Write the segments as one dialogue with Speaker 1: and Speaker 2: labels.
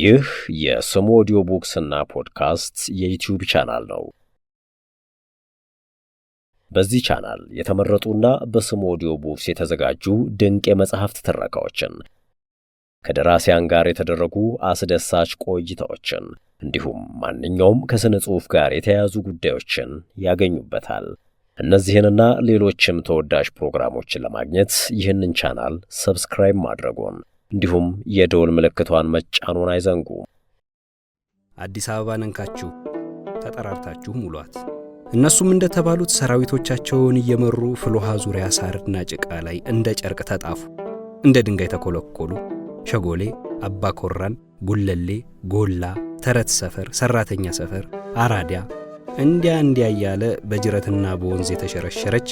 Speaker 1: ይህ የስሙ ኦዲዮ እና ፖድካስት የዩቲዩብ ቻናል ነው። በዚህ ቻናል የተመረጡና በስሙ ኦዲዮ ቡክስ የተዘጋጁ ድንቅ የመጽሐፍት ትረካዎችን ከደራሲያን ጋር የተደረጉ አስደሳች ቆይታዎችን እንዲሁም ማንኛውም ከሥነ ጽሑፍ ጋር የተያያዙ ጉዳዮችን ያገኙበታል። እነዚህንና ሌሎችም ተወዳጅ ፕሮግራሞችን ለማግኘት ይህንን ቻናል ሰብስክራይብ ማድረጎን እንዲሁም የደወል ምልክቷን መጫኑን አይዘንጉ።
Speaker 2: አዲስ አበባ ነንካችሁ ተጠራርታችሁ ሙሏት። እነሱም እንደተባሉት ሰራዊቶቻቸውን እየመሩ ፍልውሃ ዙሪያ ሳርና ጭቃ ላይ እንደ ጨርቅ ተጣፉ፣ እንደ ድንጋይ ተኮለኮሉ። ሸጎሌ፣ አባ ኮራን፣ ጉለሌ፣ ጎላ፣ ተረት ሰፈር፣ ሰራተኛ ሰፈር፣ አራዲያ እንዲያ እንዲያ እያለ በጅረትና በወንዝ የተሸረሸረች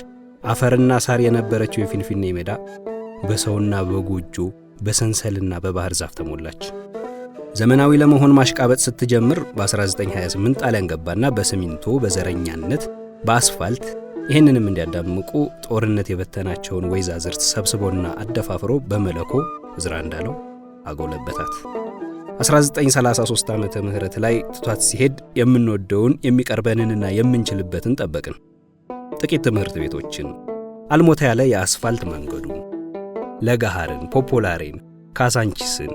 Speaker 2: አፈርና ሳር የነበረችው የፊንፊኔ ሜዳ በሰውና በጎጆ በሰንሰልና በባህር ዛፍ ተሞላች። ዘመናዊ ለመሆን ማሽቃበጥ ስትጀምር በ1928 ጣሊያን ገባና በሲሚንቶ በዘረኛነት በአስፋልት ይህንንም እንዲያዳምቁ ጦርነት የበተናቸውን ወይዛዝርት ሰብስቦና አደፋፍሮ በመለኮ ዝራ እንዳለው አጎለበታት። 1933 ዓ ምህረት ላይ ትቷት ሲሄድ የምንወደውን የሚቀርበንንና የምንችልበትን ጠበቅን። ጥቂት ትምህርት ቤቶችን አልሞታ ያለ የአስፋልት መንገዱ ለጋሃርን፣ ፖፖላሬን፣ ካሳንቺስን።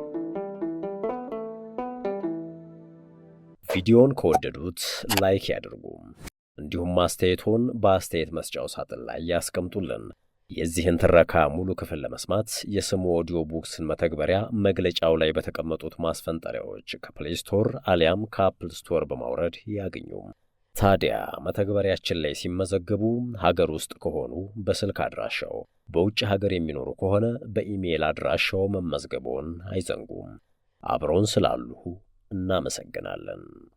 Speaker 1: ቪዲዮን ከወደዱት ላይክ ያድርጉ፣ እንዲሁም አስተያየቶን በአስተያየት መስጫው ሳጥን ላይ ያስቀምጡልን። የዚህን ትረካ ሙሉ ክፍል ለመስማት የስሙ ኦዲዮ ቡክስን መተግበሪያ መግለጫው ላይ በተቀመጡት ማስፈንጠሪያዎች ከፕሌይ ስቶር አሊያም ከአፕል ስቶር በማውረድ ያግኙም። ታዲያ መተግበሪያችን ላይ ሲመዘገቡ ሀገር ውስጥ ከሆኑ በስልክ አድራሻው፣ በውጭ ሀገር የሚኖሩ ከሆነ በኢሜይል አድራሻው መመዝገቦን አይዘንጉም። አብረውን ስላሉሁ እናመሰግናለን።